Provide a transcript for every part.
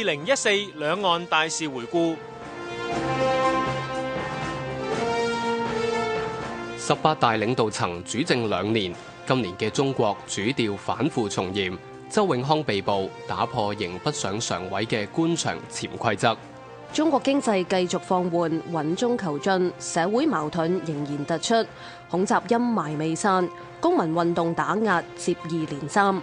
二零一四兩岸大事回顧。十八大領導層主政兩年，今年嘅中國主調反腐從嚴，周永康被捕，打破仍不上常委嘅官場潛規則。中國經濟繼續放緩，穩中求進，社會矛盾仍然突出，恐襲陰霾未散，公民運動打壓接二連三。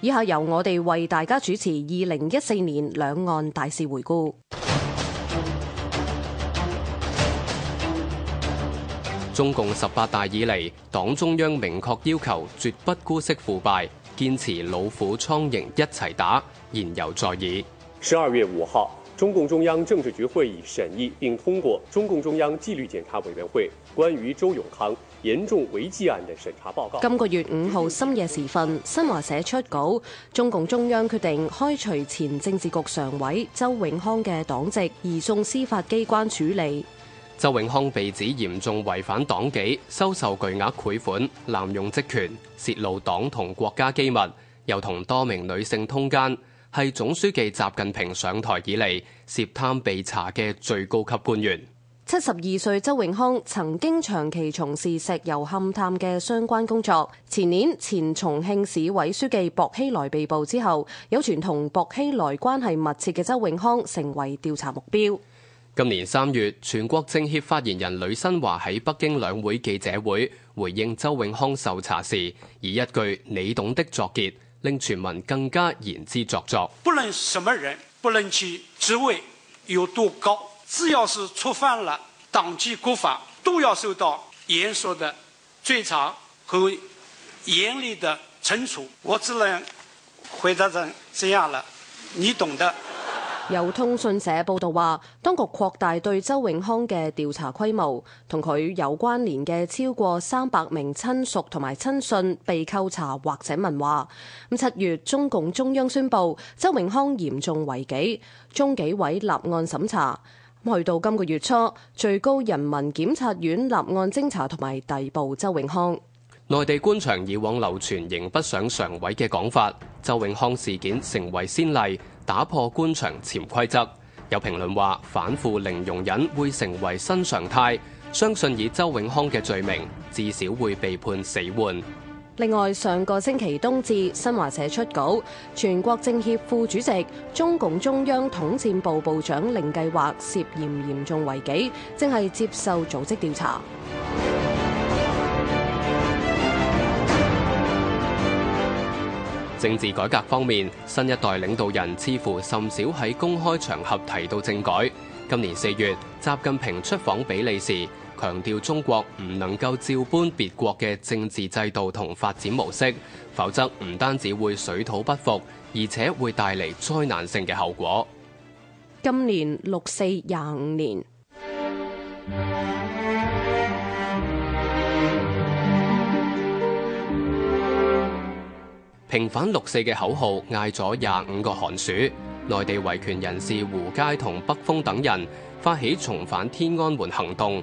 以下由我哋為大家主持二零一四年兩岸大事回顧。中共十八大以嚟，黨中央明確要求絕不姑息腐敗，堅持老虎蒼蠅一齊打，言猶在耳。十二月五號，中共中央政治局會議審議並通過中共中央紀律檢查委員會關於周永康，嚴重違紀案嘅審查報告。今個月五號深夜時分，新華社出稿，中共中央決定開除前政治局常委周永康嘅黨籍，移送司法機關處理。周永康被指嚴重違反黨紀，收受巨額賄款，濫用職權，洩露黨同國家機密，又同多名女性通姦，係總書記習近平上台以嚟涉貪被查嘅最高級官員。七十二歲周永康曾經長期從事石油勘探嘅相關工作前。前年，前重慶市委書記薄熙來被捕之後，有傳同薄熙來關係密切嘅周永康成為調查目標。今年三月，全國政協發言人呂新華喺北京兩會記者會回應周永康受查時，以一句你懂的作結，令傳聞更加言之鑿鑿。不論什麼人，不論其職位有多高。只要是觸犯了黨紀國法，都要受到嚴肅的追查和嚴厲的懲處。我只能回答成這樣了，你懂得。有通訊社報道話，當局擴大對周永康嘅調查規模，同佢有關聯嘅超過三百名親屬同埋親信被扣查或者問話。咁七月，中共中央宣布周永康嚴重違紀，中紀委立案審查。去到今個月初，最高人民檢察院立案偵查同埋逮捕周永康。內地官場以往流傳刑不上常委嘅講法，周永康事件成為先例，打破官場潛規則。有評論話，反腐零容忍會成為新常態。相信以周永康嘅罪名，至少會被判死緩。另外，上個星期冬至，新華社出稿，全國政協副主席、中共中央統戰部部長令計劃涉嫌嚴重違紀，正係接受組織調查。政治改革方面，新一代領導人似乎甚少喺公開場合提到政改。今年四月，習近平出訪比利時。強調中國唔能夠照搬別國嘅政治制度同發展模式，否則唔單止會水土不服，而且會帶嚟災難性嘅後果。今年六四廿五年，平反六四嘅口號嗌咗廿五個寒暑。內地維權人士胡佳同北風等人發起重返天安門行動。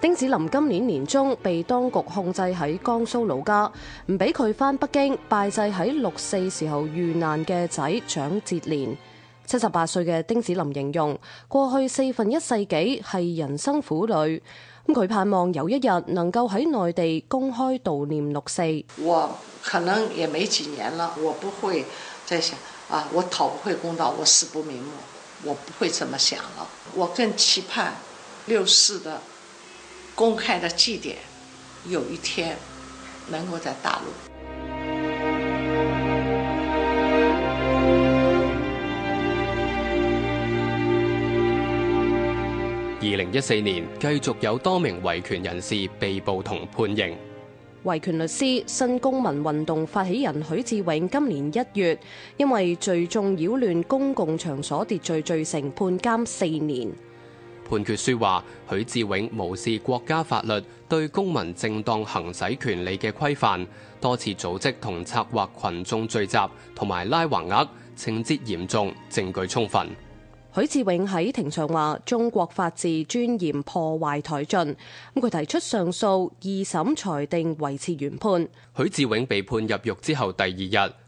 丁子霖今年年中被當局控制喺江蘇老家，唔俾佢返北京拜祭喺六四時候遇難嘅仔蔣捷連。七十八歲嘅丁子霖形容過去四分一世紀係人生苦旅，咁佢盼望有一日能夠喺內地公開悼念六四。我可能也沒幾年了，我不會再想啊！我討不回公道，我死不瞑目，我不會這麼想了。我更期盼六四的公開的祭典，有一天能夠在大陸。二零一四年，繼續有多名維權人士被捕同判刑。維權律師、新公民運動發起人許志永今年一月，因為聚眾擾亂公共場所秩序罪成，判監四年。判決書話，許志永無視國家法律對公民正當行使權利嘅規範，多次組織同策劃群眾聚集同埋拉橫額，情節嚴重，證據充分。許志永喺庭上話：中國法治尊嚴破壞殆盡。咁佢提出上訴，二審裁定維持原判。許志永被判入獄之後第二日。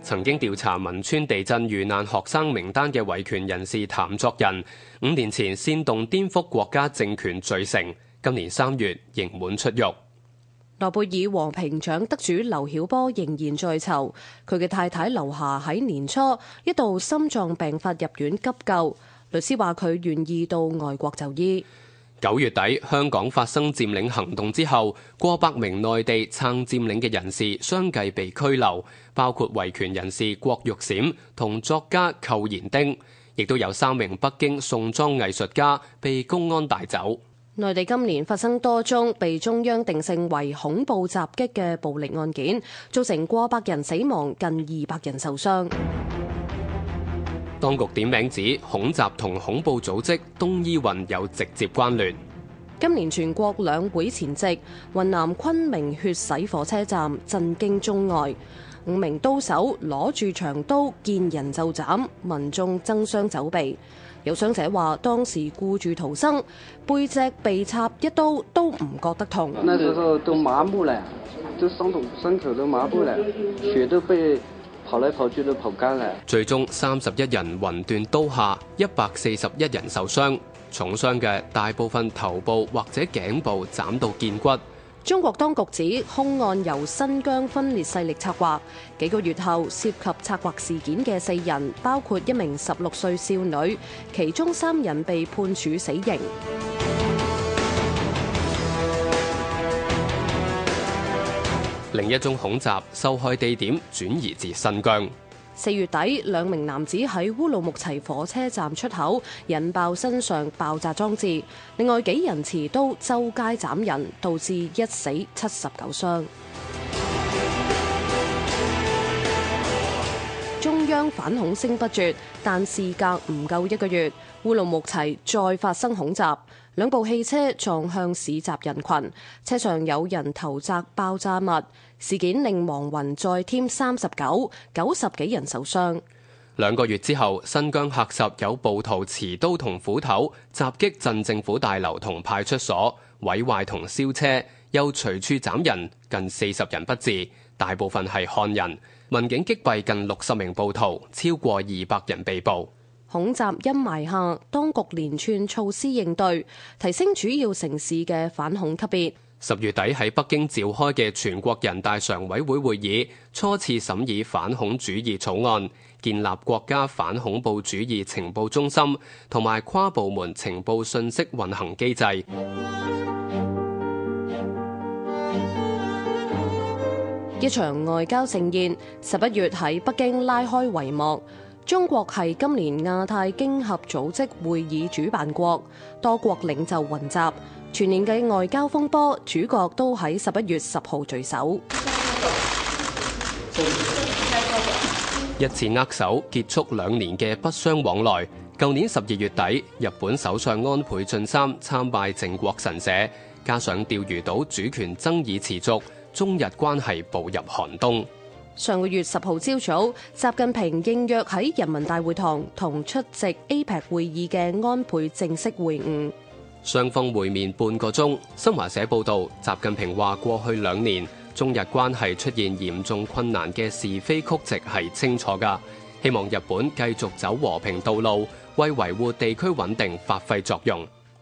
曾經調查汶川地震遇難學生名單嘅維權人士譚作人，五年前煽動顛覆國家政權罪成，今年三月刑滿出獄。諾貝爾和平獎得主劉曉波仍然在囚，佢嘅太太劉霞喺年初一度心臟病發入院急救，律師話佢願意到外國就醫。九月底，香港發生佔領行動之後，過百名內地撐佔領嘅人士相繼被拘留。包括維權人士郭玉閃同作家寇延丁，亦都有三名北京宋莊藝術家被公安帶走。內地今年發生多宗被中央定性為恐怖襲擊嘅暴力案件，造成過百人死亡，近二百人受傷。當局點名指恐襲同恐怖組織東伊運有直接關聯。今年全國兩會前夕，雲南昆明血洗火車站，震驚中外。五名刀手攞住長刀，見人就斬，民眾爭相走避。有傷者話，當時顧住逃生，背脊被插一刀都唔覺得痛。那時候都麻木了，都傷口都麻木了，血都被跑嚟跑住到房間啦。最終三十一人雲斷刀下，一百四十一人受傷，重傷嘅大部分頭部或者頸部斬到見骨。中國當局指凶案由新疆分裂勢力策劃。幾個月後，涉及策劃事件嘅四人，包括一名十六歲少女，其中三人被判處死刑。另一宗恐襲受害地點轉移至新疆。四月底，兩名男子喺烏魯木齊火車站出口引爆身上爆炸裝置，另外幾人持刀周街斬人，導致一死七十九傷。中央反恐聲不絕，但事隔唔夠一個月，烏魯木齊再發生恐襲。兩部汽車撞向市集人群，車上有人投擲爆炸物。事件令亡魂再添三十九，九十幾人受傷。兩個月之後，新疆喀什有暴徒持刀同斧頭襲擊鎮政府大樓同派出所，毀壞同燒車，又隨處斬人，近四十人不治，大部分係漢人。民警擊斃近六十名暴徒，超過二百人被捕。恐襲陰霾下，當局連串措施應對，提升主要城市嘅反恐級別。十月底喺北京召開嘅全國人大常委會會議，初次審議反恐主義草案，建立國家反恐怖主義情報中心同埋跨部門情報信息運行機制。 一場外交盛宴，十一月喺北京拉開帷幕。中國係今年亞太經合組織會議主辦國，多國領袖雲集，全年嘅外交風波主角都喺十一月十號聚首。一次握手結束兩年嘅不相往來。舊年十二月底，日本首相安倍晉三參拜靖國神社，加上釣魚島主權爭議持續，中日關係步入寒冬。上個月十號朝早，習近平應約喺人民大會堂同出席 APEC 會議嘅安倍正式會晤，雙方會面半個鐘。新華社報道，習近平話：過去兩年，中日關係出現嚴重困難嘅是非曲直係清楚噶，希望日本繼續走和平道路，為維護地區穩定發揮作用。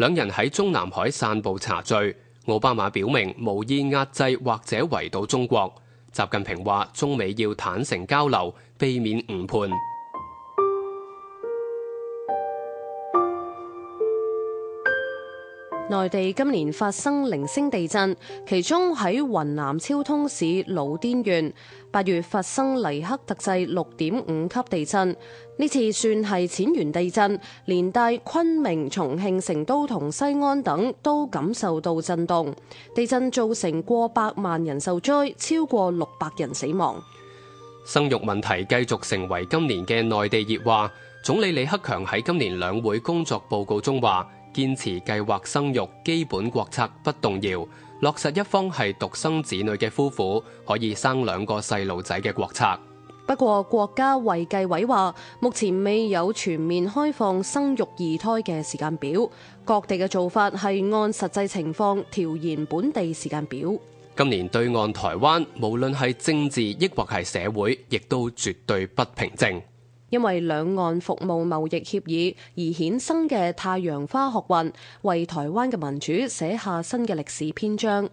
兩人喺中南海散步茶敍，奧巴馬表明無意壓制或者圍堵中國。習近平話：中美要坦誠交流，避免誤判。內地今年發生零星地震，其中喺雲南昭通市魯甸縣八月發生黎克特制六點五級地震，呢次算係淺源地震，連帶昆明、重慶、成都同西安等都感受到震動。地震造成過百萬人受災，超過六百人死亡。生育問題繼續成為今年嘅內地熱話。總理李克強喺今年兩會工作報告中話。堅持計劃生育基本國策不動搖，落實一方係獨生子女嘅夫婦可以生兩個細路仔嘅國策。不過國家衛計委話，目前未有全面開放生育二胎嘅時間表，各地嘅做法係按實際情況調研本地時間表。今年對岸台灣，無論係政治抑或係社會，亦都絕對不平靜。因為兩岸服務貿易協議而衍生嘅太陽花學運，為台灣嘅民主寫下新嘅歷史篇章。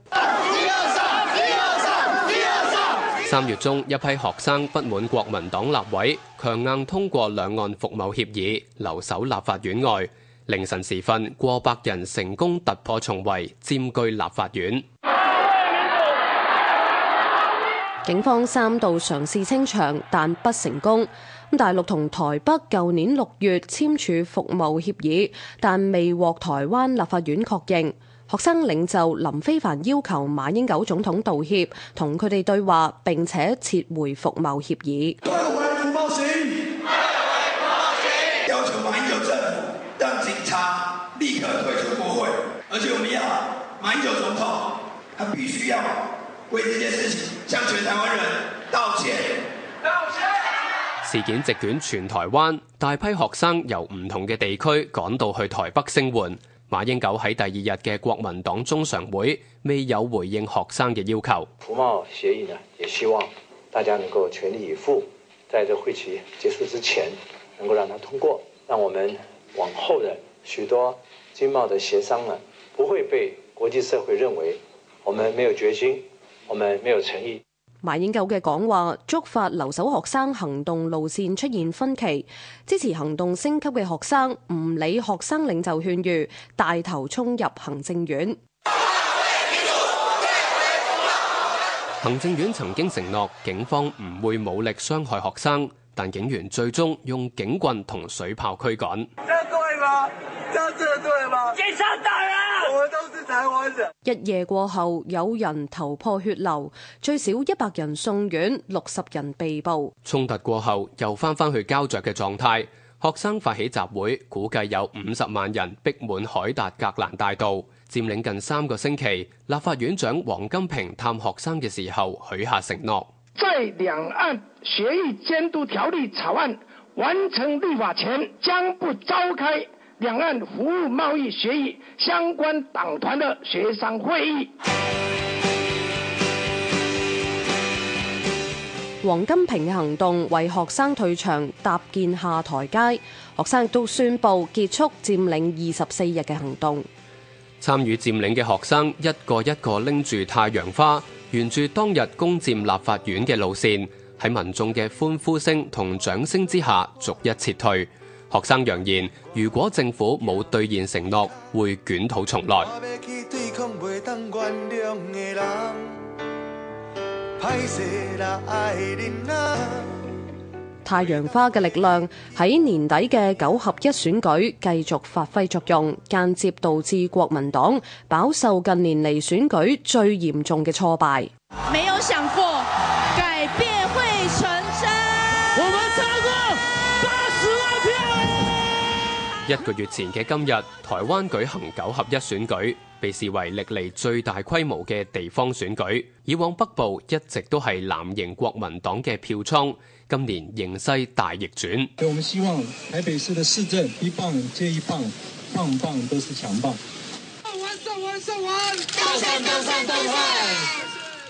三月中，一批學生不滿國民黨立委強硬通過兩岸服務協議，留守立法院外。凌晨時分，過百人成功突破重圍，佔據立法院。警方三度嘗試清場，但不成功。大陸同台北舊年六月簽署服務協議，但未獲台灣立法院確認。學生領袖林飛帆要求馬英九總統道歉，同佢哋對話，並且撤回服貿協議。要求馬英九政府讓警察立刻退出國會，而且我們要馬英九總統，他必須要為呢件事情向全台灣人道歉。事件席捲全台灣，大批學生由唔同嘅地區趕到去台北聲援。馬英九喺第二日嘅國民黨中常會未有回應學生嘅要求。服貿協議呢，也希望大家能夠全力以赴，在這會期結束之前能夠讓他通過，讓我們往後的許多經貿的協商呢，不會被國際社會認為我們沒有決心，我們沒有誠意。馬英九嘅講話觸發留守學生行動路線出現分歧，支持行動升級嘅學生唔理學生領袖勸喻，帶頭衝入行政院。行政院曾經承諾警方唔會武力傷害學生，但警員最終用警棍同水炮驅趕。 一夜過後，有人頭破血流，最少一百人送院，六十人被捕。衝突過後又返返去膠着嘅狀態，學生發起集會，估計有五十萬人逼滿凱達格蘭大道，佔領近三個星期。立法院長王金平探學生嘅時候，許下承諾：在兩岸協議監督條例草案完成立法前，將不召開。兩岸服務貿易協議相關黨團的學生會議。黃金平嘅行動為學生退場搭建下台階。學生亦都宣佈結束佔領二十四日嘅行動。參與佔領嘅學生一個一個拎住太陽花，沿住當日攻佔立法院嘅路線，喺民眾嘅歡呼聲同掌聲之下，逐一撤退。學生揚言，如果政府冇兌現承諾，會捲土重來。太陽花嘅力量喺年底嘅九合一選舉繼續發揮作用，間接導致國民黨飽受近年嚟選舉最嚴重嘅挫敗。一個月前嘅今日，台灣舉行九合一選舉，被視為歷嚟最大規模嘅地方選舉。以往北部一直都係藍營國民黨嘅票倉，今年形勢大逆轉。我們希望台北市的市政一棒接一棒，棒棒都是強棒。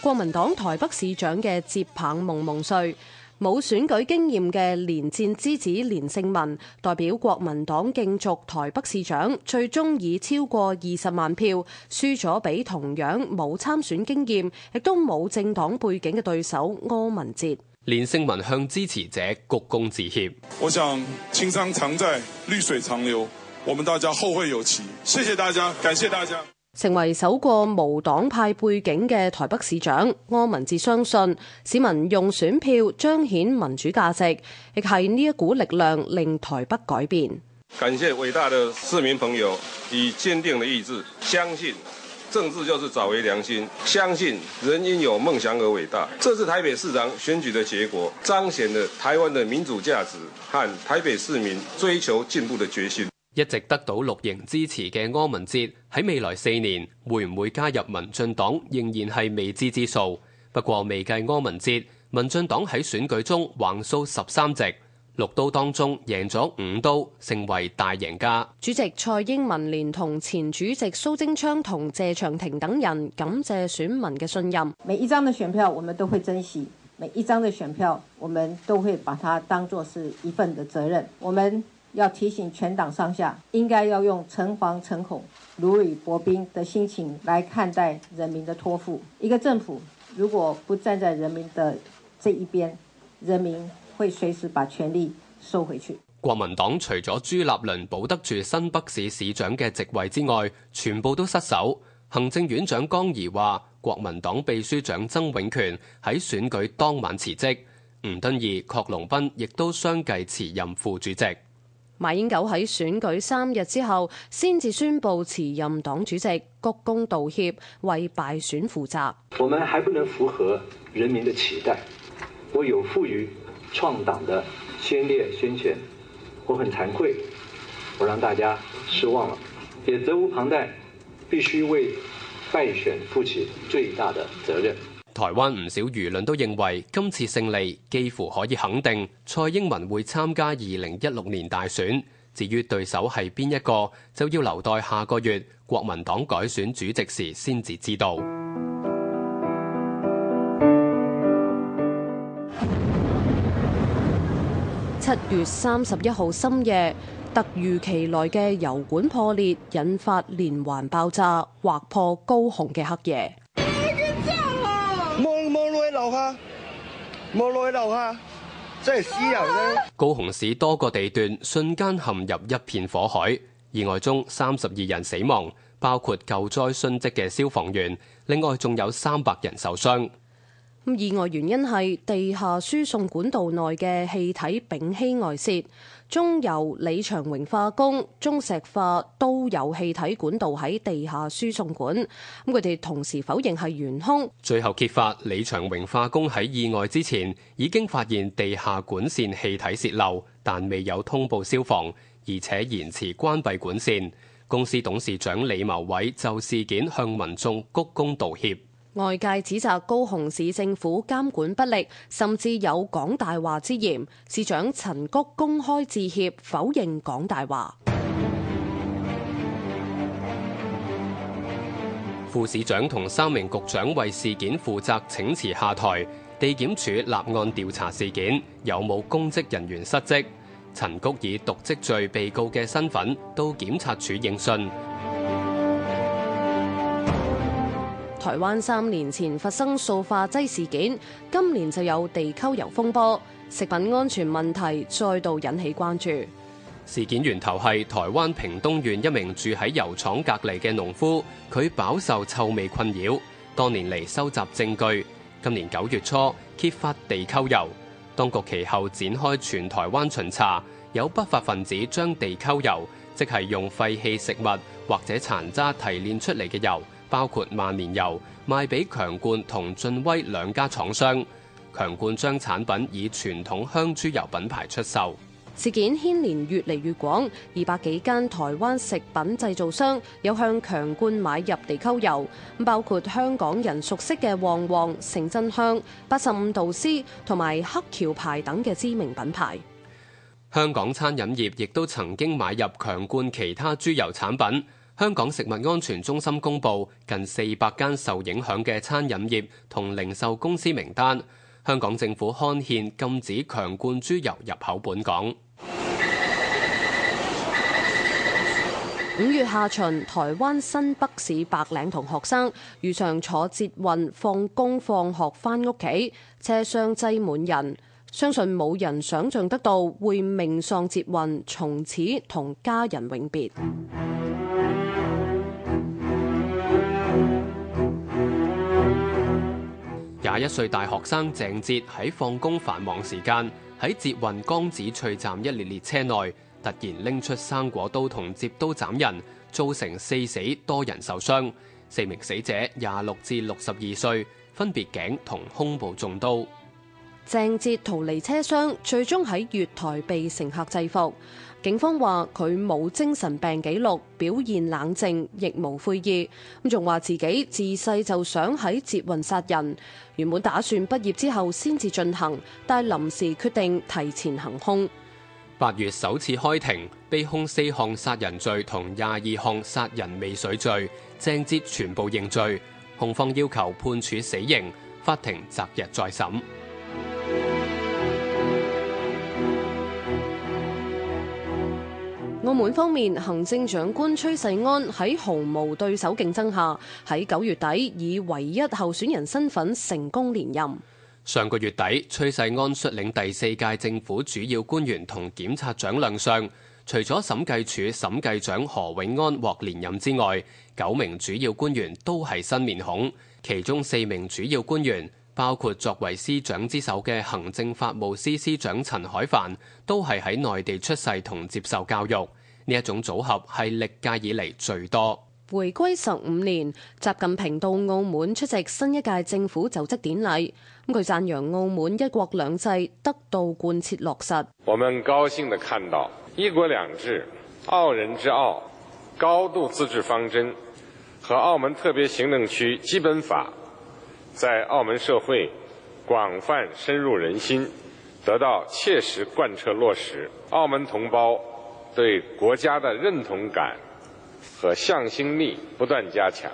國民黨台北市長嘅接棒夢夢碎。冇選舉經驗嘅連戰之子連勝文代表國民黨競逐台北市長，最終以超過二十萬票輸咗俾同樣冇參選經驗，亦都冇政黨背景嘅對手柯文哲。連勝文向支持者鞠躬致歉。我想青山常在，綠水長流，我們大家後會有期。謝謝大家，感謝大家。成為首個無黨派背景嘅台北市長，柯文哲相信市民用選票彰顯民主價值，亦係呢一股力量令台北改變。感謝偉大的市民朋友以堅定的意志，相信政治就是找回良心，相信人因有夢想而偉大。這次台北市長選舉的結果，彰顯了台灣的民主價值和台北市民追求進步的決心。一直得到綠營支持嘅柯文哲喺未來四年會唔會加入民進黨仍然係未知之數。不過未計柯文哲，民進黨喺選舉中橫掃十三席，六都當中贏咗五都，成為大贏家。主席蔡英文連同前主席蘇貞昌同謝長廷等人感謝選民嘅信任。每一張的選票我們都會珍惜，每一張的選票我們都會把它當作是一份的責任。我們。要提醒全黨上下，應該要用誠惶誠恐、如履薄冰的心情來看待人民的託付。一個政府如果不站在人民的這一邊，人民會隨時把權力收回去。國民黨除咗朱立倫保得住新北市市長嘅職位之外，全部都失守。行政院長江宜話國民黨秘書長曾永權喺選舉當晚辭職，吳敦義、郝龍斌亦都相繼辭任副主席。馬英九喺選舉三日之後先至宣布辭任黨主席，鞠躬道歉，為敗選負責。我們還不能符合人民的期待，我有負於創黨的先烈先賢，我很慚愧，我讓大家失望了，也責無旁貸，必須為敗選負起最大的責任。台灣唔少輿論都認為今次勝利幾乎可以肯定蔡英文會參加二零一六年大選，至於對手係邊一個，就要留待下個月國民黨改選主席時先至知道。七月三十一號深夜，突如其來嘅油管破裂，引發連環爆炸，劃破高雄嘅黑夜。下，望落去下，真係人呢？高雄市多個地段瞬間陷入一片火海，意外中三十二人死亡，包括救災殉職嘅消防員，另外仲有三百人受傷。咁意外原因係地下輸送管道內嘅氣體丙烯外泄。中油、李長榮化工、中石化都有氣體管道喺地下輸送管，咁佢哋同時否認係元兇。最後揭發李長榮化工喺意外之前已經發現地下管線氣體泄漏，但未有通報消防，而且延遲關閉管線。公司董事長李謀偉就事件向民眾鞠躬道歉。外界指責高雄市政府監管不力，甚至有講大話之嫌。市長陳菊公開致歉，否認講大話。副市長同三名局長為事件負責，請辭下台。地檢署立案調查事件，有冇公職人員失職？陳菊以瀆職罪被告嘅身份到檢察處應訊。台灣三年前發生塑化劑事件，今年就有地溝油風波，食品安全問題再度引起關注。事件源頭係台灣屏東縣一名住喺油廠隔離嘅農夫，佢飽受臭味困擾，多年嚟收集證據。今年九月初揭發地溝油，當局其後展開全台灣巡查，有不法分子將地溝油，即係用廢棄食物或者殘渣提煉出嚟嘅油。包括萬年油賣俾強冠同進威兩家廠商，強冠將產品以傳統香豬油品牌出售。事件牽連越嚟越廣，二百幾間台灣食品製造商有向強冠買入地溝油，包括香港人熟悉嘅旺旺、成真香、八十五度 C 同埋黑橋牌等嘅知名品牌。香港餐飲業亦都曾經買入強冠其他豬油產品。香港食物安全中心公布，近四百間受影響嘅餐飲業同零售公司名單。香港政府刊憲，禁止強冠豬油入口本港。五月下旬，台灣新北市白領同學生遇上坐捷運放工、放學翻屋企，車廂擠滿人，相信冇人想象得到會命喪捷運，從此同家人永別。廿一歲大學生鄭捷喺放工繁忙時間喺捷運江子翠站，一列列車內，突然拎出生果刀同摺刀斬人，造成四死多人受傷。四名死者廿六至六十二歲，分別頸同胸部中刀。鄭捷逃離車廂，最終喺月台被乘客制服。警方話佢冇精神病記錄，表現冷靜，亦無悔意。咁仲話自己自細就想喺捷運殺人，原本打算畢業之後先至進行，但係臨時決定提前行凶。八月首次開庭，被控四項殺人罪同廿二項殺人未遂罪，鄭捷全部認罪。控方要求判處死刑，法庭擇日再審。澳門方面，行政長官崔世安喺毫無對手競爭下，喺九月底以唯一候選人身份成功連任。上個月底，崔世安率領第四屆政府主要官員同檢察長亮相，除咗審計署審計長何永安獲連任之外，九名主要官員都係新面孔。其中四名主要官員，包括作為司長之首嘅行政法務司司長陳海帆，都係喺內地出世同接受教育。呢一種組合係歷屆以嚟最多。回歸十五年，習近平到澳門出席新一屆政府就職典禮，咁佢讚揚澳門一國兩制得到貫徹落實。我們高興地看到一國兩制、澳人之澳、高度自治方針和澳門特別行政區基本法在澳門社會廣泛深入人心，得到切實貫徹落實。澳門同胞，對國家的認同感和向心力不斷加強，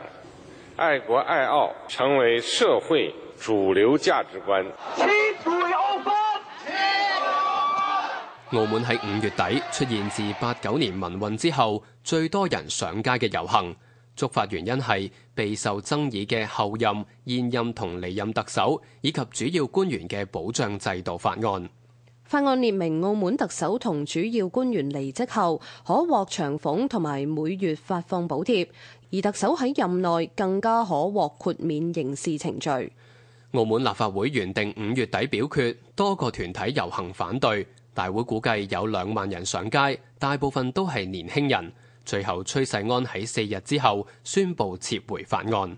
愛國愛澳成為社會主流價值觀。澳門喺五月底出現自八九年民運之後最多人上街嘅遊行，觸發原因係備受爭議嘅後任、現任同離任特首以及主要官員嘅保障制度法案。法案列明，澳門特首同主要官員離職後可獲長俸同埋每月發放補貼，而特首喺任內更加可獲豁免刑事程序。澳門立法會原定五月底表決，多個團體遊行反對，大會估計有兩萬人上街，大部分都係年輕人。最後，崔世安喺四日之後宣布撤回法案。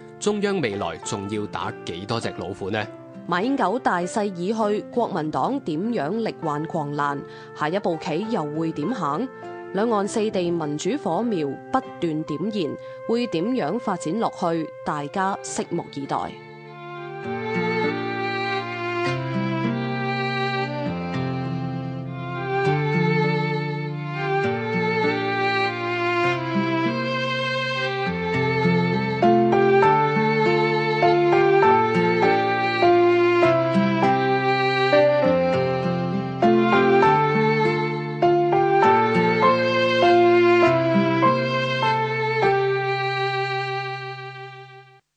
中央未來仲要打幾多隻老虎呢？馬英九大勢已去，國民黨點樣力挽狂瀾？下一步棋又會點行？兩岸四地民主火苗不斷點燃，會點樣發展落去？大家拭目以待。